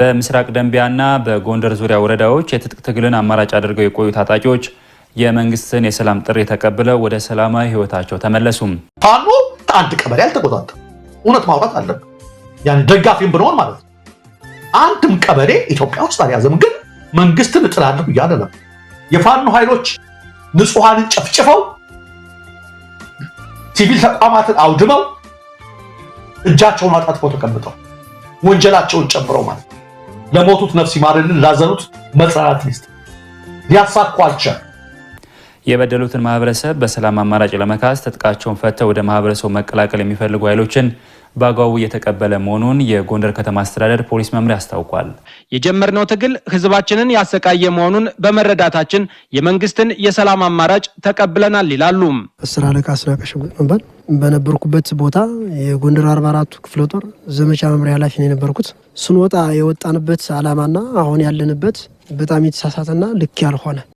በምስራቅ ደንቢያና በጎንደር ዙሪያ ወረዳዎች የትጥቅ ትግልን አማራጭ አድርገው የቆዩ ታጣቂዎች የመንግስትን የሰላም ጥሪ ተቀብለው ወደ ሰላማዊ ህይወታቸው ተመለሱም። ፋኖ አንድ ቀበሌ አልተቆጣጠም እውነት ማውራት አለ። ያን ደጋፊም ብንሆን ማለት ነው። አንድም ቀበሌ ኢትዮጵያ ውስጥ አልያዘም። ግን መንግስትን እጥላለሁ እያለ ነው። የፋኖ ኃይሎች ንጹሐንን ጨፍጭፈው ሲቪል ተቋማትን አውድመው እጃቸውን አጣጥፈው ተቀምጠው ወንጀላቸውን ጨምረው ማለት ለሞቱት ነፍስ ይማርልን፣ ላዘኑት መጽናት ይስጥ። ሊያሳኳቸው የበደሉትን ማህበረሰብ በሰላም አማራጭ ለመካስ ትጥቃቸውን ፈተው ወደ ማህበረሰቡ መቀላቀል የሚፈልጉ ኃይሎችን በአግባቡ እየተቀበለ መሆኑን የጎንደር ከተማ አስተዳደር ፖሊስ መምሪያ አስታውቋል። የጀመርነው ትግል ህዝባችንን ያሰቃየ መሆኑን በመረዳታችን የመንግስትን የሰላም አማራጭ ተቀብለናል ይላሉ። አስር አለቃ አስራቀ ሽጉጥ መባል በነበርኩበት ቦታ የጎንደር አርባ አራቱ ክፍለ ጦር ዘመቻ መምሪያ ኃላፊ ነው የነበርኩት። ስንወጣ የወጣንበት አላማና አሁን ያለንበት በጣም የተሳሳተና ልክ ያልሆነ